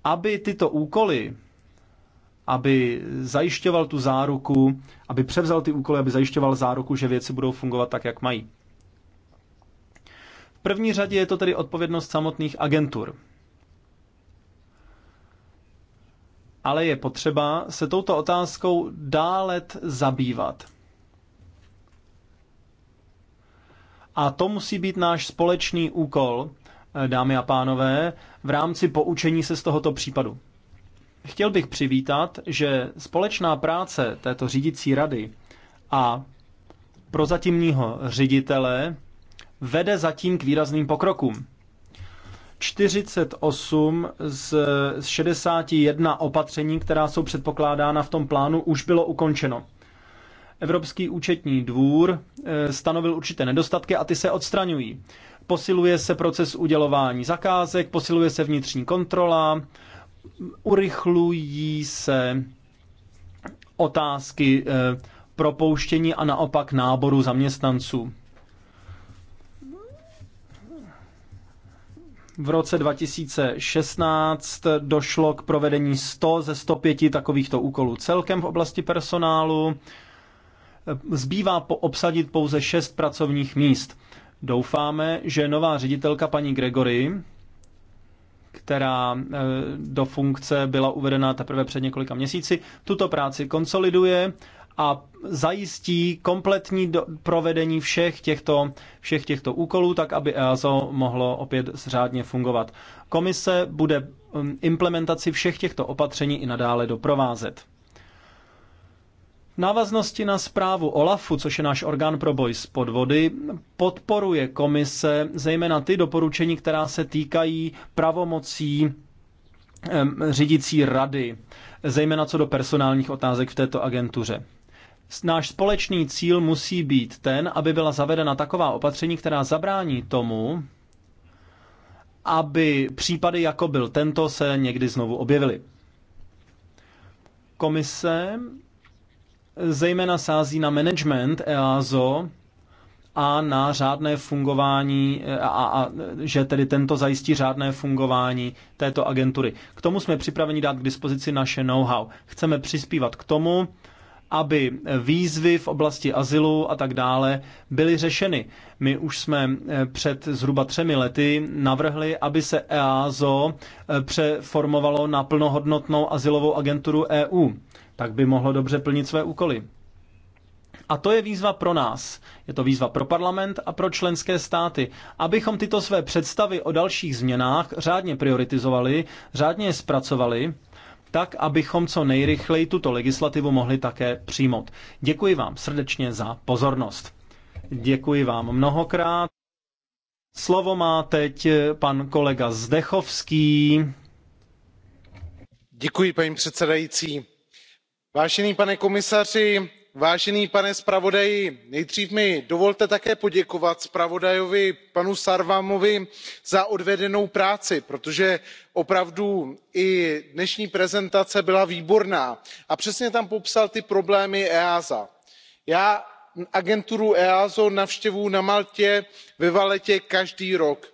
Aby tyto úkoly aby zajišťoval tu záruku, aby převzal ty úkoly, aby zajišťoval záruku, že věci budou fungovat tak, jak mají. V první řadě je to tedy odpovědnost samotných agentur. Ale je potřeba se touto otázkou dále zabývat. A to musí být náš společný úkol, dámy a pánové, v rámci poučení se z tohoto případu. Chtěl bych přivítat, že společná práce této řídící rady a prozatímního ředitele vede zatím k výrazným pokrokům. 48 z 61 opatření, která jsou předpokládána v tom plánu, už bylo ukončeno. Evropský účetní dvůr eh, stanovil určité nedostatky a ty se odstraňují. Posiluje se proces udělování zakázek, posiluje se vnitřní kontrola, urychlují se otázky eh, propouštění a naopak náboru zaměstnanců. V roce 2016 došlo k provedení 100 ze 105 takovýchto úkolů celkem v oblasti personálu. Zbývá po obsadit pouze 6 pracovních míst. Doufáme, že nová ředitelka paní Gregory která eh, do funkce byla uvedena teprve před několika měsíci, tuto práci konsoliduje a zajistí kompletní do, provedení všech těchto, všech těchto úkolů, tak aby EASO mohlo opět řádně fungovat. Komise bude mm, implementaci všech těchto opatření i nadále doprovázet návaznosti na zprávu OLAFu, což je náš orgán pro boj s podvody, podporuje komise zejména ty doporučení, která se týkají pravomocí řídící rady, zejména co do personálních otázek v této agentuře. Náš společný cíl musí být ten, aby byla zavedena taková opatření, která zabrání tomu, aby případy, jako byl tento, se někdy znovu objevily. Komise zejména sází na management EASO a na řádné fungování, a, a, že tedy tento zajistí řádné fungování této agentury. K tomu jsme připraveni dát k dispozici naše know-how. Chceme přispívat k tomu, aby výzvy v oblasti azylu a tak dále byly řešeny. My už jsme eh, před zhruba třemi lety navrhli, aby se EASO eh, přeformovalo na plnohodnotnou azylovou agenturu EU tak by mohlo dobře plnit své úkoly. A to je výzva pro nás. Je to výzva pro parlament a pro členské státy, abychom tyto své představy o dalších změnách řádně prioritizovali, řádně zpracovali, tak abychom co nejrychleji tuto legislativu mohli také přijmout. Děkuji vám srdečně za pozornost. Děkuji vám mnohokrát. Slovo má teď pan kolega Zdechovský. Děkuji, paní předsedající pane komisaři pane zpravodaji nejdřív mi dovolte také poděkovat zpravodaji panu sarvamovi za odvedenou práci protože opravdu i dnešní prezentace byla výborná a přesně tam popsal ty problémy easa. já agenturu easa navštěvuji na maltě ve vallettě každý rok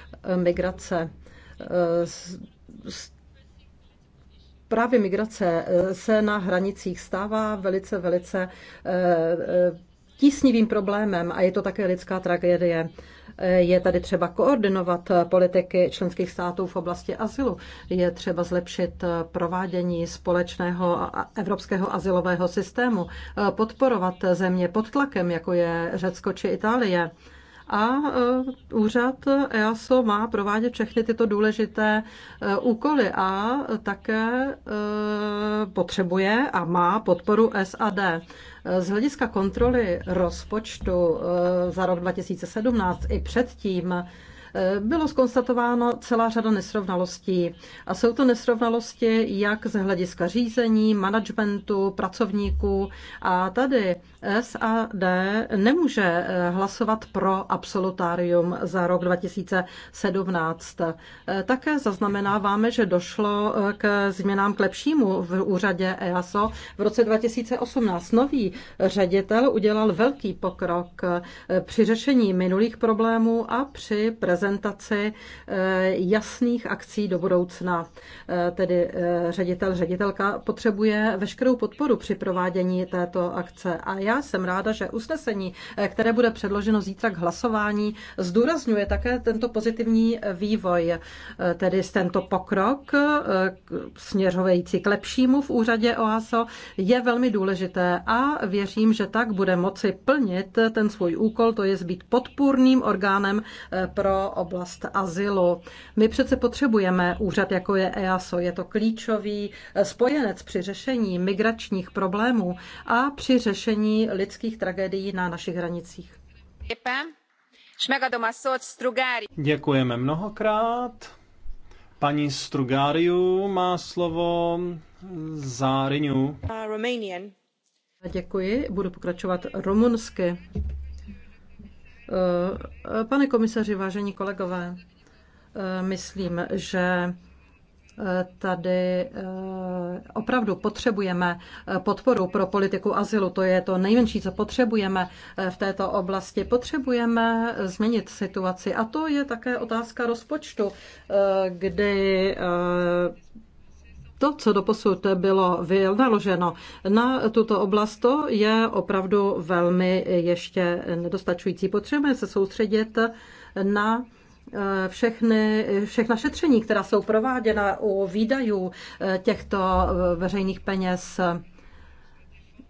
migrace. Eh, právě migrace eh, se na hranicích stává velice, velice eh, tísnivým problémem a je to také lidská tragédie. Je tady třeba koordinovat politiky členských států v oblasti azylu. Je třeba zlepšit provádění společného evropského azylového systému, podporovat země pod tlakem, jako je Řecko či Itálie a e, úřad EASO má provádět všechny tyto důležité e, úkoly a také e, potřebuje a má podporu SAD. Z hlediska kontroly rozpočtu za rok 2017 i předtím Eh, bylo skonstatováno celá řada nesrovnalostí. A jsou to nesrovnalosti jak z hlediska řízení, managementu, pracovníků. A tady SAD nemůže eh, hlasovat pro absolutárium za rok 2017. Eh, také zaznamenáváme, že došlo k změnám k lepšímu v úřadě EASO v roce 2018. Nový ředitel udělal velký pokrok při řešení minulých problémů a při prezentaci prezentaci eh, jasných akcí do budoucna. Eh, tedy eh, ředitel, ředitelka potřebuje veškerou podporu při provádění této akce. A já jsem ráda, že usnesení, které bude předloženo zítra k hlasování, zdůrazňuje také tento pozitivní vývoj, tedy tento pokrok směřovající k lepšímu v úřadě OASO je velmi důležité a věřím, že tak bude moci plnit ten svůj úkol, to je být podpůrným orgánem pro oblast azylu. My přece potřebujeme úřad, jako je EASO. Je to klíčový eh, spojenec při řešení migračních problémů a při řešení lidských tragédií na našich hranicích. Děkujeme mnohokrát. Paní Strugariu má slovo za uh, Děkuji, budu pokračovat rumunsky. Eh, pane komisaři, vážení kolegové, eh, myslím, že eh, tady opravdu potřebujeme podporu pro politiku azylu. To je to nejmenší, co potřebujeme v této oblasti. Potřebujeme změnit situaci. A to je také otázka rozpočtu, kdy to, co doposud bylo naloženo na tuto oblast, to je opravdu velmi ještě nedostačující. Potřebujeme se soustředit na eh, všechny, všechna šetření, která jsou prováděna u výdajů eh, těchto eh, veřejných peněz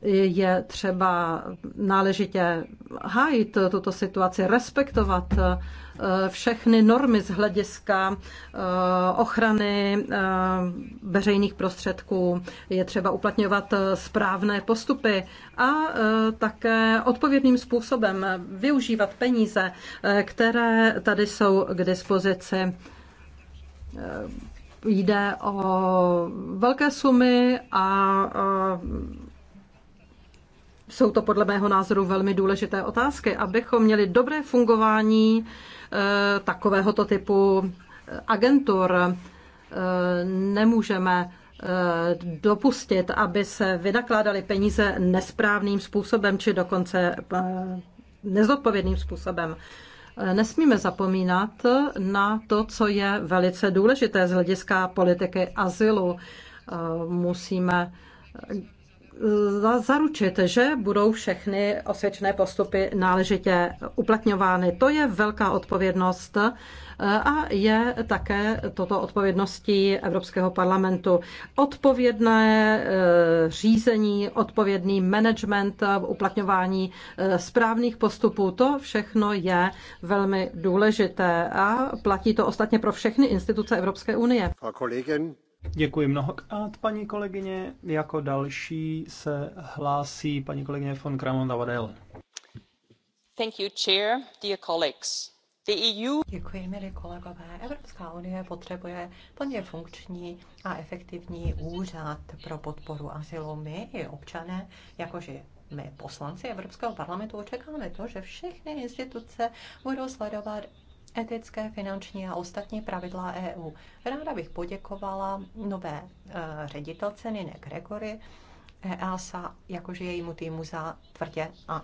je třeba náležitě hájit tuto situaci, respektovat eh, všechny normy z hlediska eh, ochrany eh, veřejných prostředků. Je třeba uplatňovat správné postupy a také odpovědným způsobem využívat peníze, které tady jsou k dispozici jde o velké sumy a jsou to podle mého názoru velmi důležité otázky, abychom měli dobré fungování eh, takovéhoto typu eh, agentur. Eh, nemůžeme dopustit, aby se vynakládaly peníze nesprávným způsobem, či dokonce nezodpovědným způsobem. Nesmíme zapomínat na to, co je velice důležité z hlediska politiky azylu. Musíme zaručit, že budou všechny osvědčené postupy náležitě uplatňovány. To je velká odpovědnost eh, a je také toto odpovědností Evropského parlamentu. Odpovědné eh, řízení, odpovědný management, eh, uplatňování správných postupů, to všechno je velmi důležité a platí to ostatně pro všechny instituce Evropské unie. Děkuji mnohokrát, paní kolegyně. Jako další se hlásí paní kolegyně von Kramon Davadel. Thank you, chair, dear colleagues. The EU... Děkuji, milí kolegové. Evropská unie potřebuje plně funkční a efektivní úřad pro podporu asilu. My i občané, jakože my poslanci Evropského parlamentu očekáváme to, že všechny instituce budou sledovat etické, finanční a ostatní pravidla EU. Ráda bych poděkovala nové eh, ředitelce Nine Gregory EASA, jakože jejímu týmu za tvrdě a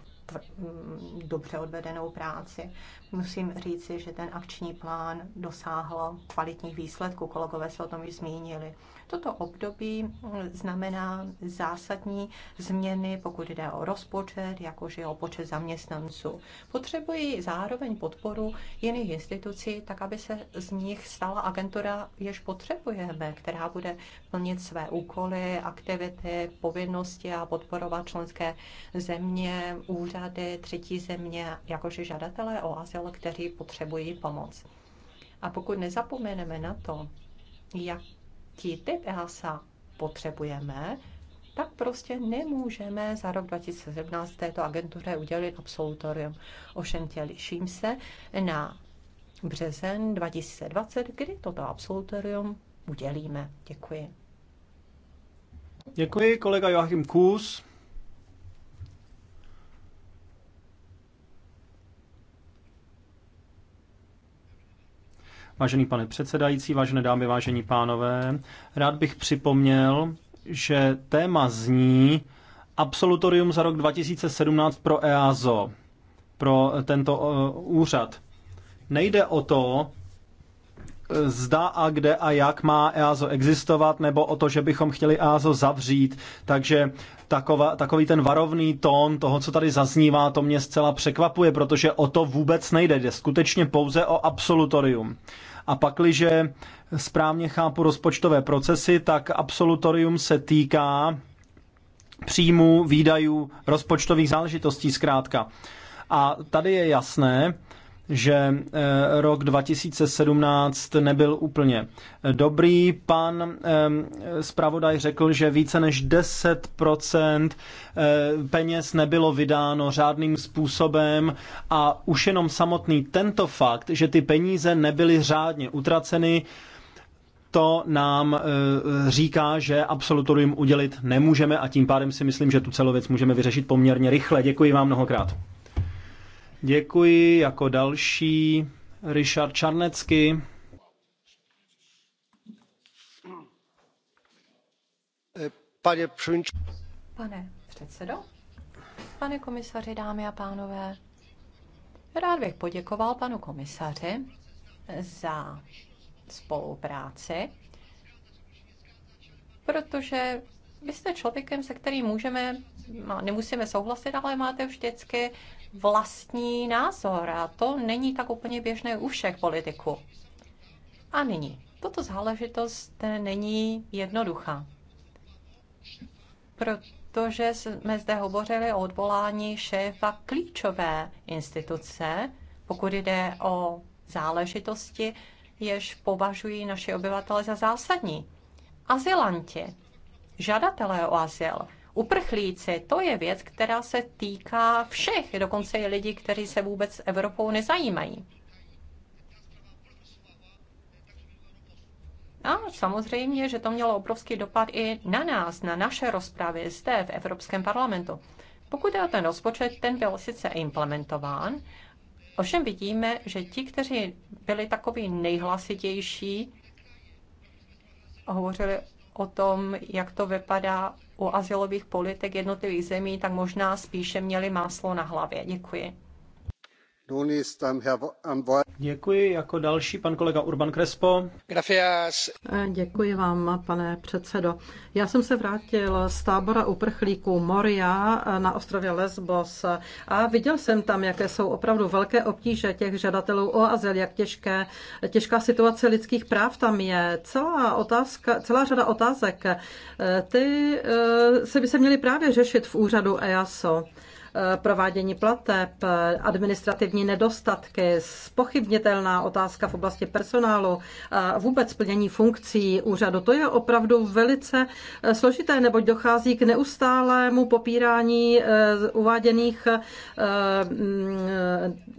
dobře odvedenou práci. Musím říci, že ten akční plán dosáhl kvalitních výsledků, kolegové se o tom již zmínili. Toto období znamená zásadní změny, pokud jde o rozpočet, jakož i o počet zaměstnanců. Potřebují zároveň podporu jiných institucí, tak aby se z nich stala agentura, jež potřebujeme, která bude plnit své úkoly, aktivity, povinnosti a podporovat členské země, úřady úřady, třetí země, jakože žadatelé o azyl, kteří potřebují pomoc. A pokud nezapomeneme na to, jaký typ EASA potřebujeme, tak prostě nemůžeme za rok 2017 této agentuře udělit absolutorium. Ovšem těším se na březen 2020, kdy toto absolutorium udělíme. Děkuji. Děkuji kolega Joachim Kus. Vážený pane předsedající, vážené dámy, vážení pánové, rád bych připomněl, že téma zní absolutorium za rok 2017 pro EASO, pro tento eh, úřad. Nejde o to, zda a kde a jak má EASO existovat, nebo o to, že bychom chtěli EASO zavřít. Takže taková, takový ten varovný tón toho, co tady zaznívá, to mě zcela překvapuje, protože o to vůbec nejde. Jde skutečně pouze o absolutorium. A pakliže správně chápu rozpočtové procesy, tak absolutorium se týká příjmů, výdajů, rozpočtových záležitostí zkrátka. A tady je jasné, že eh, rok 2017 nebyl úplně eh, dobrý. Pan eh, zpravodaj řekl, že více než 10% peněz nebylo vydáno řádným způsobem a už jenom samotný tento fakt, že ty peníze nebyly řádně utraceny, to nám říká, že absolutorium udělit nemůžeme a tím pádem si myslím, že tu celou věc můžeme vyřešit poměrně rychle. Děkuji vám mnohokrát. Děkuji jako další Richard Čarnecky. Pane předsedo, pane komisaři, dámy a pánové, rád bych poděkoval panu komisaři za spolupráci, protože vy jste člověkem, se kterým můžeme, no, nemusíme souhlasit, ale máte vždycky vlastní názor a to není tak úplně běžné u všech politiků. A nyní, toto záležitost není jednoduchá, protože jsme zde hovořili o odvolání šéfa klíčové instituce, pokud jde o záležitosti, jež považují naše obyvatele za zásadní. Azylanti, žadatelé o azyl, uprchlíci, to je věc, která se týká všech, dokonce i lidí, kteří se vůbec Evropou nezajímají. A samozřejmě, že to mělo obrovský dopad i na nás, na naše rozpravy zde v Evropském parlamentu. Pokud je o ten rozpočet, ten byl sice implementován, ovšem vidíme, že ti, kteří byli takový nejhlasitější, hovořili o tom, jak to vypadá u azylových politik jednotlivých zemí, tak možná spíše měli máslo na hlavě. Děkuji. Děkuji. Jako další pan kolega Urban Crespo. Eh, děkuji vám, pane předsedo. Já jsem se vrátil z tábora uprchlíků Moria eh, na ostrově Lesbos a viděl jsem tam, jaké jsou opravdu velké obtíže těch žadatelů o azyl, jak těžké, těžká situace lidských práv tam je. Celá, otázka, celá řada otázek, eh, ty se by se měly právě řešit v úřadu EASO. Eh, provádění plateb, eh, administrativní nedostatky, spochybnitelná otázka v oblasti personálu, eh, vůbec plnění funkcí úřadu. To je opravdu velice složité, neboť dochází k neustálému popírání uváděných mm,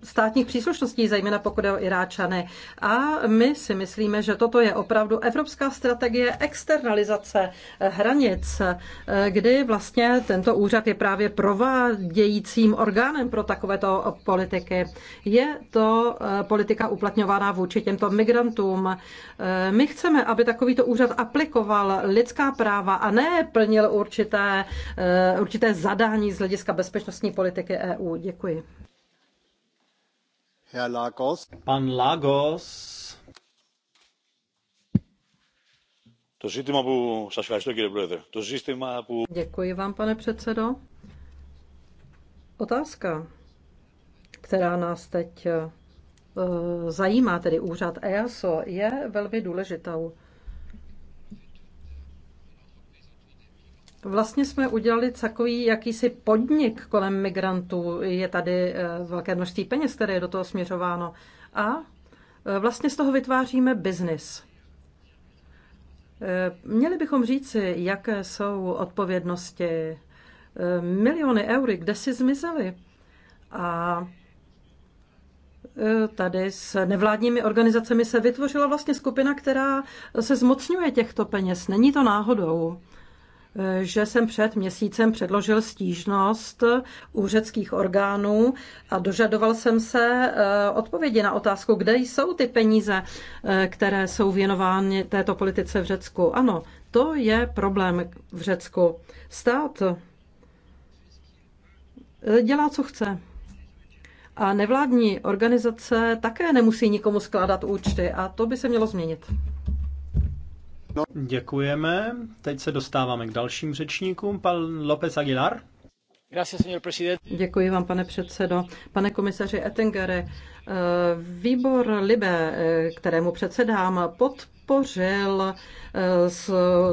státních příslušností, zejména pokud je o Iráčany. A my si myslíme, že toto je opravdu evropská strategie externalizace hranic, kdy vlastně tento úřad je právě provádějí provádějícím orgánem pro takovéto politiky. Je to eh, politika uplatňovaná vůči těmto migrantům. Eh, my chceme, aby takovýto úřad aplikoval lidská práva a ne plnil určité, eh, určité zadání z hlediska bezpečnostní politiky EU. Děkuji. Herr Lagos. Pan Lagos. Děkuji vám, pane předsedo. Otázka, která nás teď eh, zajímá, tedy úřad EASO, je velmi důležitou. Vlastně jsme udělali takový jakýsi podnik kolem migrantů. Je tady eh, velké množství peněz, které je do toho směřováno. A eh, vlastně z toho vytváříme biznis. Měli bychom říci, jaké jsou odpovědnosti Eh, miliony eur, kde si zmizely. A eh, tady s nevládními organizacemi se vytvořila vlastně skupina, která se zmocňuje těchto peněz. Není to náhodou, eh, že jsem před měsícem předložil stížnost u řeckých orgánů a dožadoval jsem se odpovědi na otázku, kde jsou ty peníze, které jsou věnovány této politice v Řecku. Ano, to je problém v Řecku. Stát dělá, co chce. A nevládní organizace také nemusí nikomu skládat účty a to by se mělo změnit. No. Děkujeme. Teď se dostáváme k dalším řečníkům. Pan López Aguilar. Děkuji vám, pane předsedo. Pane komisaři Ettingere, eh, výbor Libe, eh, kterému předsedám, podpořil eh,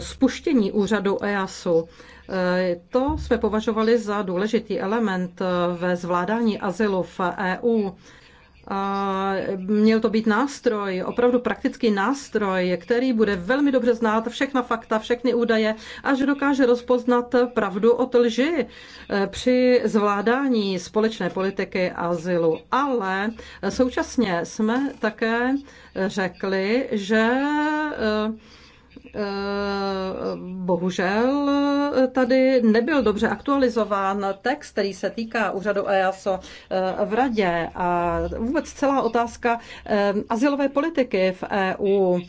spuštění úřadu EASu Eh, to jsme považovali za důležitý element eh, ve zvládání azylu v EU. Eh, měl to být nástroj, opravdu praktický nástroj, který bude velmi dobře znát všechna fakta, všechny údaje, a že dokáže rozpoznat pravdu od lži při zvládání společné politiky azylu. Ale současně jsme také řekli, že Eh, bohužel eh, tady nebyl dobře aktualizován text, který se týká úřadu EASO eh, v radě a vůbec celá otázka asilové politiky v EU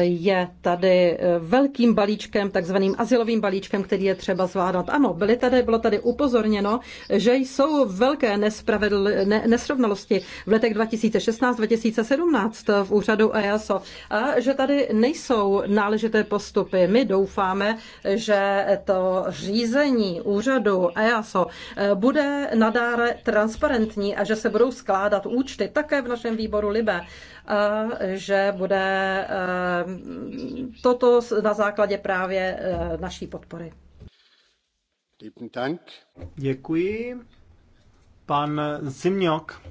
je tady eh, velkým balíčkem, takzvaným asilovým balíčkem, který je třeba zvládat. Ano, byly tady, bylo tady upozorněno, že jsou velké nespravedl, ne, nesrovnalosti v letech 2016-2017 v úřadu EASO a že tady nejsou náležité postupy. My doufáme, že to řízení úřadu EASO eh, bude nadále transparentní a že se budou skládat účty také v našem výboru Libe že bude toto na základě právě naší podpory. Děkuji. Pan Zimňok.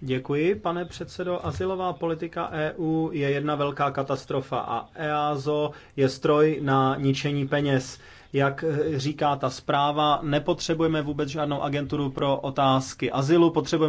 Děkuji, pane předsedo. Asilová politika EU je jedna velká katastrofa a EASO je stroj na ničení peněz jak e, říká ta zpráva, nepotřebujeme vůbec žádnou agenturu pro otázky azylu, potřebujeme